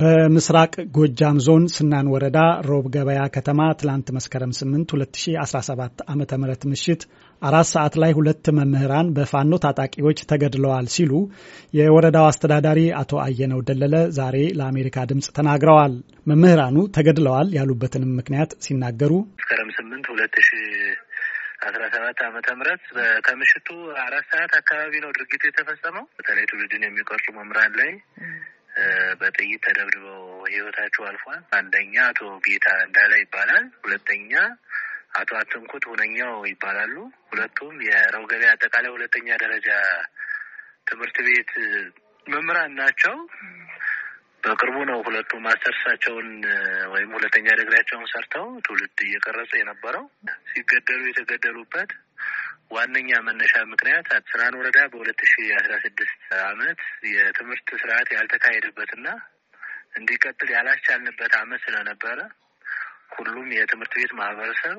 በምስራቅ ጎጃም ዞን ስናን ወረዳ ሮብ ገበያ ከተማ ትላንት መስከረም 8 2017 ዓ ም ምሽት አራት ሰዓት ላይ ሁለት መምህራን በፋኖ ታጣቂዎች ተገድለዋል ሲሉ የወረዳው አስተዳዳሪ አቶ አየነው ደለለ ዛሬ ለአሜሪካ ድምፅ ተናግረዋል። መምህራኑ ተገድለዋል ያሉበትንም ምክንያት ሲናገሩ መስከረም 8 2017 ዓ ም ከምሽቱ አራት ሰዓት አካባቢ ነው ድርጊቱ የተፈጸመው። በተለይ ትውልድን የሚቀርጹ መምህራን ላይ በጥይት ተደብድበው ህይወታቸው አልፏል። አንደኛ አቶ ጌታ እንዳለ ይባላል። ሁለተኛ አቶ አትንኩት ሁነኛው ይባላሉ። ሁለቱም የረው ገበያ አጠቃላይ ሁለተኛ ደረጃ ትምህርት ቤት መምህራን ናቸው። በቅርቡ ነው ሁለቱ ማስተርሳቸውን ወይም ሁለተኛ ዲግሪያቸውን ሰርተው ትውልድ እየቀረጹ የነበረው ሲገደሉ የተገደሉበት ዋነኛ መነሻ ምክንያት ስራን ወረዳ በሁለት ሺ አስራ ስድስት አመት የትምህርት ስርዓት ያልተካሄደበትና እንዲቀጥል ያላስቻልንበት አመት ስለነበረ ሁሉም የትምህርት ቤት ማህበረሰብ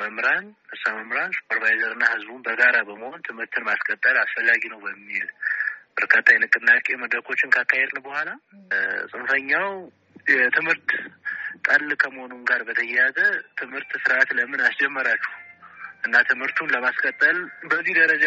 መምህራን፣ እርሰ መምህራን፣ ሱፐርቫይዘርና ህዝቡን በጋራ በመሆን ትምህርትን ማስቀጠል አስፈላጊ ነው በሚል በርካታ የንቅናቄ መድረኮችን ካካሄድን በኋላ ጽንፈኛው የትምህርት ጠል ከመሆኑም ጋር በተያያዘ ትምህርት ስርዓት ለምን አስጀመራችሁ እና ትምህርቱን ለማስቀጠል በዚህ ደረጃ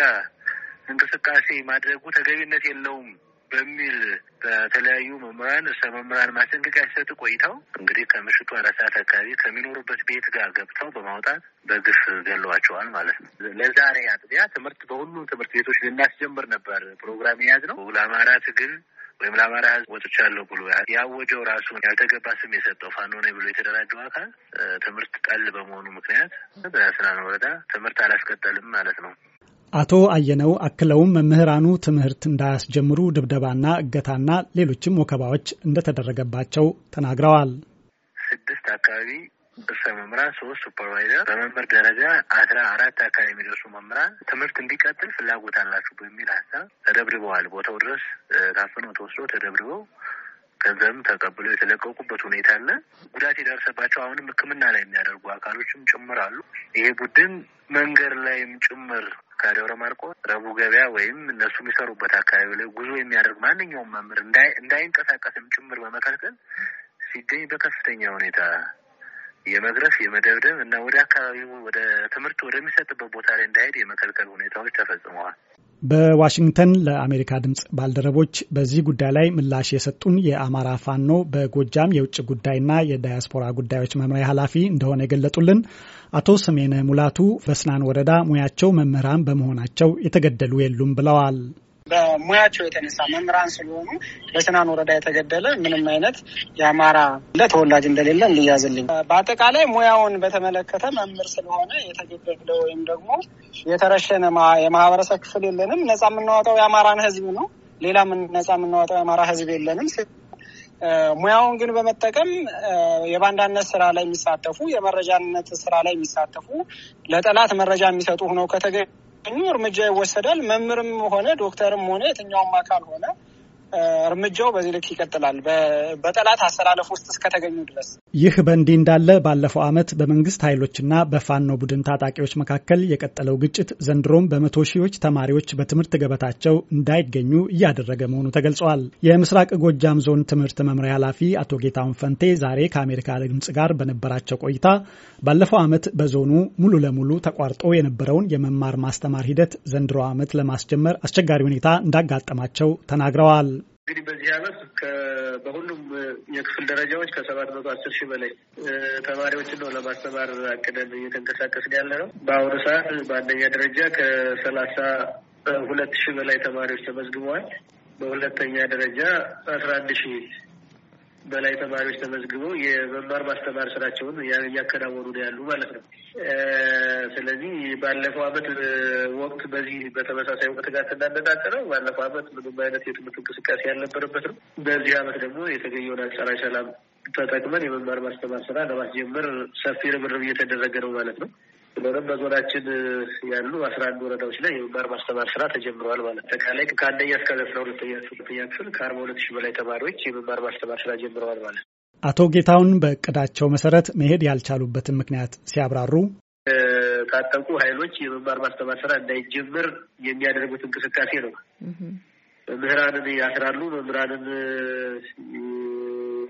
እንቅስቃሴ ማድረጉ ተገቢነት የለውም በሚል በተለያዩ መምህራን እሰ መምህራን ማስጠንቀቂያ ሲሰጡ ቆይተው እንግዲህ ከምሽቱ አራት ሰዓት አካባቢ ከሚኖሩበት ቤት ጋር ገብተው በማውጣት በግፍ ገለዋቸዋል ማለት ነው። ለዛሬ አጥቢያ ትምህርት በሁሉም ትምህርት ቤቶች ልናስጀምር ነበር ፕሮግራም የያዝነው። ለአማራት ግን ወይም ለአማራ ሕዝብ ወጥቻለሁ ብሎ ያወጀው ራሱን ያልተገባ ስም የሰጠው ፋኖ ነኝ ብሎ የተደራጀው አካል ትምህርት ጠል በመሆኑ ምክንያት በስናን ወረዳ ትምህርት አላስቀጠልም ማለት ነው። አቶ አየነው አክለውም መምህራኑ ትምህርት እንዳያስጀምሩ ድብደባና እገታና ሌሎችም ወከባዎች እንደተደረገባቸው ተናግረዋል። ስድስት አካባቢ ርዕሰ መምህራን፣ ሶስት ሱፐርቫይዘር፣ በመምህር ደረጃ አስራ አራት አካል የሚደርሱ መምህራን ትምህርት እንዲቀጥል ፍላጎት አላችሁ በሚል ሀሳብ ተደብድበዋል። ቦታው ድረስ ታፍነው ተወስዶ ተደብድበው ገንዘብም ተቀብሎ የተለቀቁበት ሁኔታ አለ። ጉዳት የደረሰባቸው አሁንም ሕክምና ላይ የሚያደርጉ አካሎችም ጭምር አሉ። ይሄ ቡድን መንገድ ላይም ጭምር ከደብረ ማርቆስ ረቡ ገበያ ወይም እነሱ የሚሰሩበት አካባቢ ላይ ጉዞ የሚያደርግ ማንኛውም መምህር እንዳይንቀሳቀስም ጭምር በመከልከል ሲገኝ በከፍተኛ ሁኔታ የመግረፍ የመደብደብ እና ወደ አካባቢው ወደ ትምህርት ወደሚሰጥበት ቦታ ላይ እንዳሄድ የመከልከል ሁኔታዎች ተፈጽመዋል። በዋሽንግተን ለአሜሪካ ድምፅ ባልደረቦች በዚህ ጉዳይ ላይ ምላሽ የሰጡን የአማራ ፋኖ በጎጃም የውጭ ጉዳይና የዳያስፖራ ጉዳዮች መምሪያ ኃላፊ እንደሆነ የገለጡልን አቶ ስሜነ ሙላቱ በስናን ወረዳ ሙያቸው መምህራን በመሆናቸው የተገደሉ የሉም ብለዋል። በሙያቸው የተነሳ መምህራን ስለሆኑ በስናን ወረዳ የተገደለ ምንም አይነት የአማራ እንደ ተወላጅ እንደሌለ እንዲያዝልኝ። በአጠቃላይ ሙያውን በተመለከተ መምህር ስለሆነ የተገደለ ወይም ደግሞ የተረሸነ የማህበረሰብ ክፍል የለንም። ነጻ የምናወጣው የአማራን ህዝብ ነው። ሌላ ነጻ የምናወጣው የአማራ ህዝብ የለንም። ሙያውን ግን በመጠቀም የባንዳነት ስራ ላይ የሚሳተፉ የመረጃነት ስራ ላይ የሚሳተፉ ለጠላት መረጃ የሚሰጡ ሆነው ከተገ እርምጃ ይወሰዳል። መምህርም ሆነ ዶክተርም ሆነ የትኛውም አካል ሆነ እርምጃው በዚህ ልክ ይቀጥላል በጠላት አሰላለፍ ውስጥ እስከተገኙ ድረስ። ይህ በእንዲህ እንዳለ ባለፈው ዓመት በመንግስት ኃይሎችና በፋኖ ቡድን ታጣቂዎች መካከል የቀጠለው ግጭት ዘንድሮም በመቶ ሺዎች ተማሪዎች በትምህርት ገበታቸው እንዳይገኙ እያደረገ መሆኑ ተገልጸዋል። የምስራቅ ጎጃም ዞን ትምህርት መምሪያ ኃላፊ አቶ ጌታሁን ፈንቴ ዛሬ ከአሜሪካ ድምጽ ጋር በነበራቸው ቆይታ ባለፈው ዓመት በዞኑ ሙሉ ለሙሉ ተቋርጦ የነበረውን የመማር ማስተማር ሂደት ዘንድሮ ዓመት ለማስጀመር አስቸጋሪ ሁኔታ እንዳጋጠማቸው ተናግረዋል። እንግዲህ በዚህ ዓመት በሁሉም የክፍል ደረጃዎች ከሰባት መቶ አስር ሺህ በላይ ተማሪዎችን ነው ለማስተማር አቅደን እየተንቀሳቀስን ያለ ነው። በአሁኑ ሰዓት በአንደኛ ደረጃ ከሰላሳ ሁለት ሺህ በላይ ተማሪዎች ተመዝግበዋል። በሁለተኛ ደረጃ አስራ አንድ ሺህ በላይ ተማሪዎች ተመዝግበው የመማር ማስተማር ስራቸውን እያከናወኑ ነው ያሉ ማለት ነው። ስለዚህ ባለፈው አመት ወቅት በዚህ በተመሳሳይ ወቅት ጋር ስናነጣጥረው ባለፈው አመት ምንም አይነት የትምህርት እንቅስቃሴ ያልነበረበት ነው። በዚህ አመት ደግሞ የተገኘውን አንጻራዊ ሰላም ተጠቅመን የመማር ማስተማር ስራ ለማስጀመር ሰፊ ርብርብ እየተደረገ ነው ማለት ነው። ስለሆነም በዞናችን ያሉ አስራ አንድ ወረዳዎች ላይ የመማር ማስተማር ስራ ተጀምረዋል ማለት አጠቃላይ ከአንደኛ እስከ አስራ ሁለተኛ ሁለተኛ ክፍል ከአርባ ሁለት ሺህ በላይ ተማሪዎች የመማር ማስተማር ስራ ጀምረዋል ማለት አቶ ጌታውን በእቅዳቸው መሰረት መሄድ ያልቻሉበትን ምክንያት ሲያብራሩ ታጠቁ ኃይሎች የመማር ማስተማር ስራ እንዳይጀምር የሚያደርጉት እንቅስቃሴ ነው። መምህራንን ያስራሉ። መምህራንን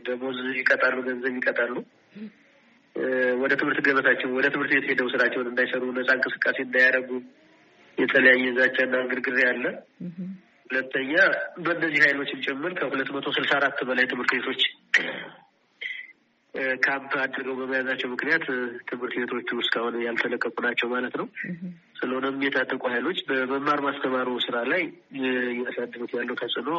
ደሞዝ ይቀጣሉ፣ ገንዘብ ይቀጣሉ። ወደ ትምህርት ገበታቸው ወደ ትምህርት ቤት ሄደው ስራቸውን እንዳይሰሩ ነጻ እንቅስቃሴ እንዳያደርጉ የተለያየ ዛቻና ግርግር ያለ። ሁለተኛ በእነዚህ ኃይሎችን ጭምር ከሁለት መቶ ስልሳ አራት በላይ ትምህርት ቤቶች ካምፕ አድርገው በመያዛቸው ምክንያት ትምህርት ቤቶቹ እስካሁን ያልተለቀቁ ናቸው ማለት ነው። ስለሆነም የታጠቁ ኃይሎች በመማር ማስተማሩ ስራ ላይ እያሳደሩት ያለው ተጽዕኖ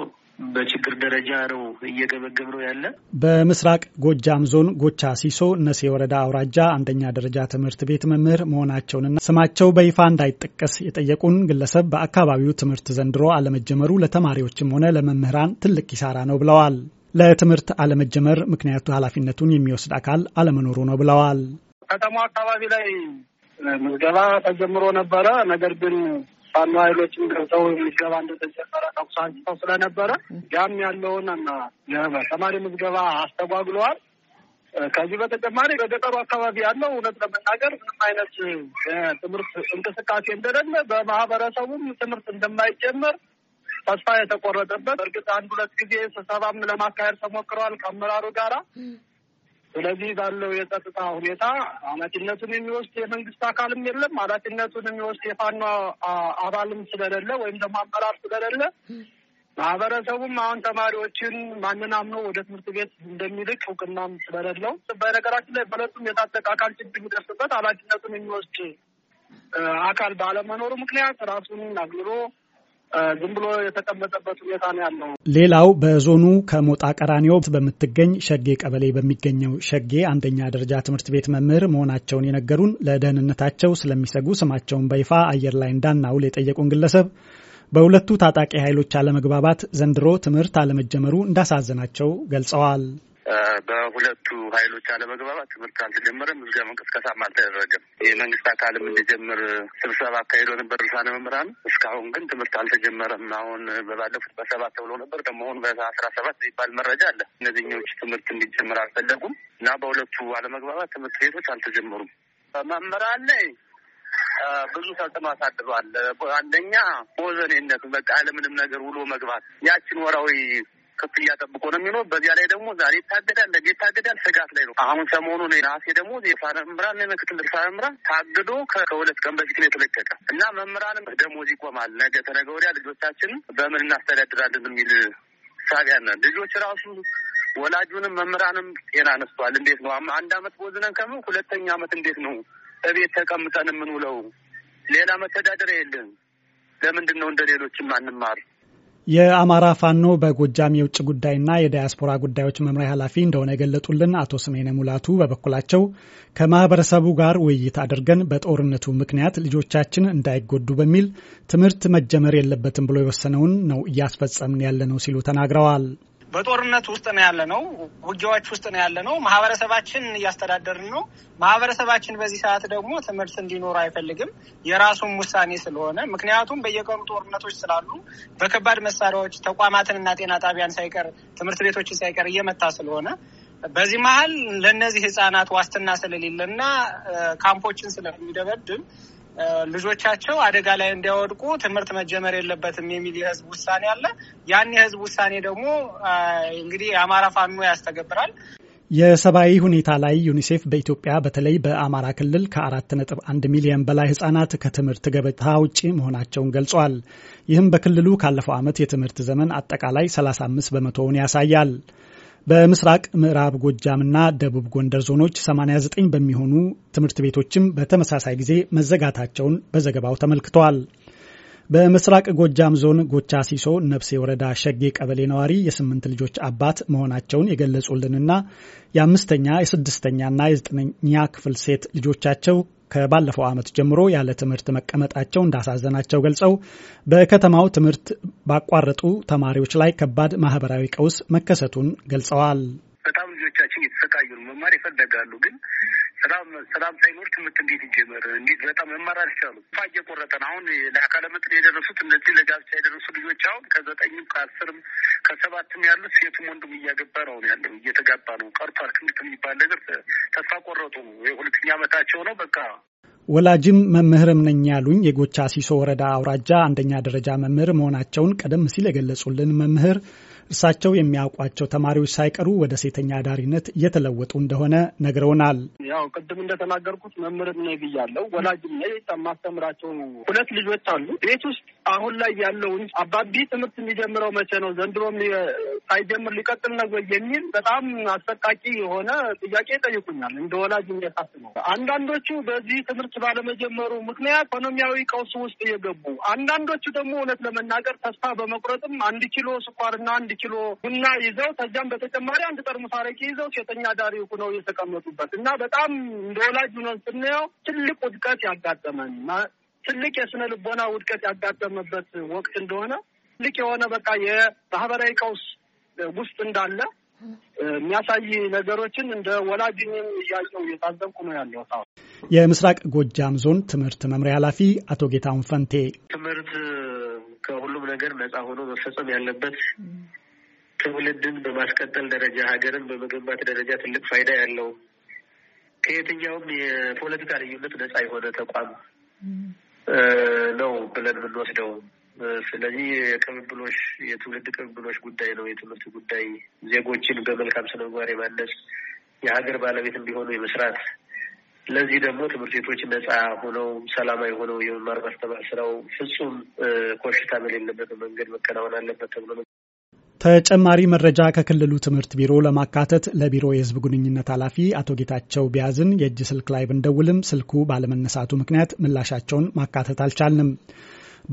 በችግር ደረጃ ነው እየገመገም ነው ያለ። በምስራቅ ጎጃም ዞን ጎቻ ሲሶ እነሴ ወረዳ አውራጃ አንደኛ ደረጃ ትምህርት ቤት መምህር መሆናቸውንና ስማቸው በይፋ እንዳይጠቀስ የጠየቁን ግለሰብ በአካባቢው ትምህርት ዘንድሮ አለመጀመሩ ለተማሪዎችም ሆነ ለመምህራን ትልቅ ኪሳራ ነው ብለዋል። ለትምህርት አለመጀመር ምክንያቱ ኃላፊነቱን የሚወስድ አካል አለመኖሩ ነው ብለዋል። ከተማ አካባቢ ላይ ምዝገባ ተጀምሮ ነበረ። ነገር ግን ፋኖ ኃይሎችም ገብተው ምዝገባ እንደተጀመረ ተኩሳቸው ስለነበረ ያም ያለውን እና ተማሪ ምዝገባ አስተጓግለዋል። ከዚህ በተጨማሪ በገጠሩ አካባቢ ያለው እውነት ለመናገር ምንም አይነት ትምህርት እንቅስቃሴ እንደሌለ፣ በማህበረሰቡም ትምህርት እንደማይጀመር ተስፋ የተቆረጠበት እርግጥ አንድ ሁለት ጊዜ ስብሰባም ለማካሄድ ተሞክረዋል ከአመራሩ ጋራ። ስለዚህ ባለው የጸጥታ ሁኔታ ኃላፊነቱን የሚወስድ የመንግስት አካልም የለም። ኃላፊነቱን የሚወስድ የፋኖ አባልም ስለሌለ ወይም ደግሞ አመራር ስለሌለ ማህበረሰቡም አሁን ተማሪዎችን ማንን አምኖ ወደ ትምህርት ቤት እንደሚልክ እውቅናም ስለሌለው በነገራችን ላይ በለቱም የታጠቀ አካል ችግር የሚደርስበት ኃላፊነቱን የሚወስድ አካል ባለመኖሩ ምክንያት ራሱን አግልሎ ዝም ብሎ የተቀመጠበት ሁኔታ ነው ያለው። ሌላው በዞኑ ከሞጣ ቀራኒዮ በምትገኝ ሸጌ ቀበሌ በሚገኘው ሸጌ አንደኛ ደረጃ ትምህርት ቤት መምህር መሆናቸውን የነገሩን ለደህንነታቸው ስለሚሰጉ ስማቸውን በይፋ አየር ላይ እንዳናውል የጠየቁን ግለሰብ በሁለቱ ታጣቂ ኃይሎች አለመግባባት ዘንድሮ ትምህርት አለመጀመሩ እንዳሳዘናቸው ገልጸዋል። በሁለቱ ኃይሎች አለመግባባት ትምህርት አልተጀመረም፣ ምዝገባ እንቅስቃሴም አልተደረገም። የመንግስት አካልም እንዲጀምር ስብሰባ አካሂዶ ነበር ልሳነ መምህራን። እስካሁን ግን ትምህርት አልተጀመረም። አሁን በባለፉት በሰባት ተብሎ ነበር ደግሞ አሁን በአስራ ሰባት የሚባል መረጃ አለ። እነዚህኞች ትምህርት እንዲጀምር አልፈለጉም እና በሁለቱ አለመግባባት ትምህርት ቤቶች አልተጀመሩም። መምህራን ላይ ብዙ ተጽዕኖ አሳድሯል። አንደኛ ወዘኔነት በቃ ለምንም ነገር ውሎ መግባት ያችን ወራዊ ክፍያ ጠብቆ ነው የሚኖር። በዚያ ላይ ደግሞ ዛሬ ይታገዳል፣ ነገ ይታገዳል። ስጋት ላይ ነው። አሁን ሰሞኑን ራሴ ደግሞ የፋረ መምህራን ምክትል ርዕሰ መምህራን ታግዶ ከሁለት ቀን በፊት ነው የተለቀቀ እና መምህራንም ደሞዝ ይቆማል፣ ነገ ተነገ ወዲያ በምን እናስተዳድራለን የሚል ሳቢያና ልጆች ራሱ ወላጁንም መምህራንም ጤና ነስቷል። እንዴት ነው አንድ አመት ቦዝነን ከምን ሁለተኛ አመት እንዴት ነው እቤት ተቀምጠን የምንውለው? ሌላ መተዳደሪያ የለን። ለምንድን ነው እንደ ሌሎችም አንማር? የአማራ ፋኖ በጎጃም የውጭ ጉዳይና የዳያስፖራ ጉዳዮች መምሪያ ኃላፊ እንደሆነ የገለጡልን አቶ ስሜነ ሙላቱ በበኩላቸው ከማህበረሰቡ ጋር ውይይት አድርገን በጦርነቱ ምክንያት ልጆቻችን እንዳይጎዱ በሚል ትምህርት መጀመር የለበትም ብሎ የወሰነውን ነው እያስፈጸምን ያለነው ሲሉ ተናግረዋል። በጦርነት ውስጥ ነው ያለ ነው። ውጊያዎች ውስጥ ነው ያለ ነው። ማህበረሰባችን እያስተዳደርን ነው። ማህበረሰባችን በዚህ ሰዓት ደግሞ ትምህርት እንዲኖር አይፈልግም። የራሱን ውሳኔ ስለሆነ ምክንያቱም በየቀኑ ጦርነቶች ስላሉ በከባድ መሳሪያዎች ተቋማትንና ጤና ጣቢያን ሳይቀር ትምህርት ቤቶችን ሳይቀር እየመታ ስለሆነ በዚህ መሀል ለእነዚህ ህጻናት ዋስትና ስለሌለና ካምፖችን ስለሚደበድም ልጆቻቸው አደጋ ላይ እንዲያወድቁ ትምህርት መጀመር የለበትም የሚል የህዝብ ውሳኔ አለ። ያን የህዝብ ውሳኔ ደግሞ እንግዲህ የአማራ ፋኖ ያስተገብራል። የሰብአዊ ሁኔታ ላይ ዩኒሴፍ በኢትዮጵያ በተለይ በአማራ ክልል ከ4.1 ሚሊዮን በላይ ህጻናት ከትምህርት ገበታ ውጪ መሆናቸውን ገልጿል። ይህም በክልሉ ካለፈው ዓመት የትምህርት ዘመን አጠቃላይ 35 በመቶውን ያሳያል። በምስራቅ ምዕራብ ጎጃምና ደቡብ ጎንደር ዞኖች 89 በሚሆኑ ትምህርት ቤቶችም በተመሳሳይ ጊዜ መዘጋታቸውን በዘገባው ተመልክተዋል። በምስራቅ ጎጃም ዞን ጎቻ ሲሶ ነፍሴ ወረዳ ሸጌ ቀበሌ ነዋሪ የስምንት ልጆች አባት መሆናቸውን የገለጹልንና የአምስተኛ የስድስተኛና የዘጠነኛ ክፍል ሴት ልጆቻቸው ከባለፈው ዓመት ጀምሮ ያለ ትምህርት መቀመጣቸው እንዳሳዘናቸው ገልጸው በከተማው ትምህርት ባቋረጡ ተማሪዎች ላይ ከባድ ማህበራዊ ቀውስ መከሰቱን ገልጸዋል። በጣም ልጆቻችን እያሰቃዩ ነው። መማር ይፈለጋሉ፣ ግን ሰላም ሰላም ሳይኖር ትምህርት እንዴት ይጀመር? እንዴት በጣም መማር አልቻሉ። ፋ እየቆረጠን አሁን ለአካለ መጠን የደረሱት እነዚህ ለጋብቻ የደረሱ ልጆች አሁን ከዘጠኝም ከአስርም ከሰባትም ያሉት ሴቱም ወንድም እያገባ ነው ያለው፣ እየተጋባ ነው። ቀርቷል። ትምህርት የሚባል ነገር ተስፋ ቆረጡ። የሁለተኛ አመታቸው ነው በቃ ወላጅም መምህርም ነኝ ያሉኝ የጎቻ ሲሶ ወረዳ አውራጃ አንደኛ ደረጃ መምህር መሆናቸውን ቀደም ሲል የገለጹልን መምህር እርሳቸው የሚያውቋቸው ተማሪዎች ሳይቀሩ ወደ ሴተኛ አዳሪነት እየተለወጡ እንደሆነ ነግረውናል። ያው ቅድም እንደተናገርኩት መምህርም ነኝ ብያለሁ። ወላጅም ነኝ። የማስተምራቸው ሁለት ልጆች አሉ። ቤት ውስጥ አሁን ላይ ያለውን አባቢ ትምህርት የሚጀምረው መቼ ነው? ዘንድሮም ሳይጀምር ሊቀጥል ነው ወይ የሚል በጣም አሰቃቂ የሆነ ጥያቄ ጠይቁኛል እንደ ወላጅ የሚያሳስበው አንዳንዶቹ በዚህ ትምህርት ባለመጀመሩ ምክንያት ኢኮኖሚያዊ ቀውስ ውስጥ እየገቡ አንዳንዶቹ ደግሞ እውነት ለመናገር ተስፋ በመቁረጥም አንድ ኪሎ ስኳርና አንድ አንድ ኪሎ ቡና ይዘው ከዚያም በተጨማሪ አንድ ጠርሙስ አረቂ ይዘው ሴተኛ ዳሪ ሁነው የተቀመጡበት እና በጣም እንደ ወላጅ ሆነን ስናየው ትልቅ ውድቀት ያጋጠመን ትልቅ የስነ ልቦና ውድቀት ያጋጠመበት ወቅት እንደሆነ ትልቅ የሆነ በቃ የማህበራዊ ቀውስ ውስጥ እንዳለ የሚያሳይ ነገሮችን እንደ ወላጅኝም እያየው እየታዘብኩ ነው ያለው። አሁን የምስራቅ ጎጃም ዞን ትምህርት መምሪያ ኃላፊ አቶ ጌታሁን ፈንቴ ትምህርት ከሁሉም ነገር ነጻ ሆኖ መፈጸም ያለበት ትውልድን በማስቀጠል ደረጃ ሀገርን በመገንባት ደረጃ ትልቅ ፋይዳ ያለው ከየትኛውም የፖለቲካ ልዩነት ነጻ የሆነ ተቋም ነው ብለን የምንወስደው። ስለዚህ የቅብብሎሽ የትውልድ ቅብብሎሽ ጉዳይ ነው። የትምህርት ጉዳይ ዜጎችን በመልካም ስነ ምግባር የማነጽ የሀገር ባለቤት እንዲሆኑ የመስራት ለዚህ ደግሞ ትምህርት ቤቶች ነጻ ሆነው ሰላማዊ ሆነው የመማር ማስተማር ስራው ፍጹም ኮሽታ በሌለበት መንገድ መከናወን አለበት ተብሎ ተጨማሪ መረጃ ከክልሉ ትምህርት ቢሮ ለማካተት ለቢሮ የህዝብ ግንኙነት ኃላፊ አቶ ጌታቸው ቢያዝን የእጅ ስልክ ላይ ብንደውልም ስልኩ ባለመነሳቱ ምክንያት ምላሻቸውን ማካተት አልቻልንም።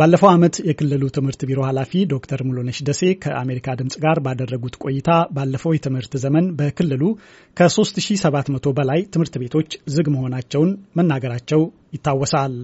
ባለፈው ዓመት የክልሉ ትምህርት ቢሮ ኃላፊ ዶክተር ሙሉነሽ ደሴ ከአሜሪካ ድምፅ ጋር ባደረጉት ቆይታ ባለፈው የትምህርት ዘመን በክልሉ ከ3700 በላይ ትምህርት ቤቶች ዝግ መሆናቸውን መናገራቸው ይታወሳል።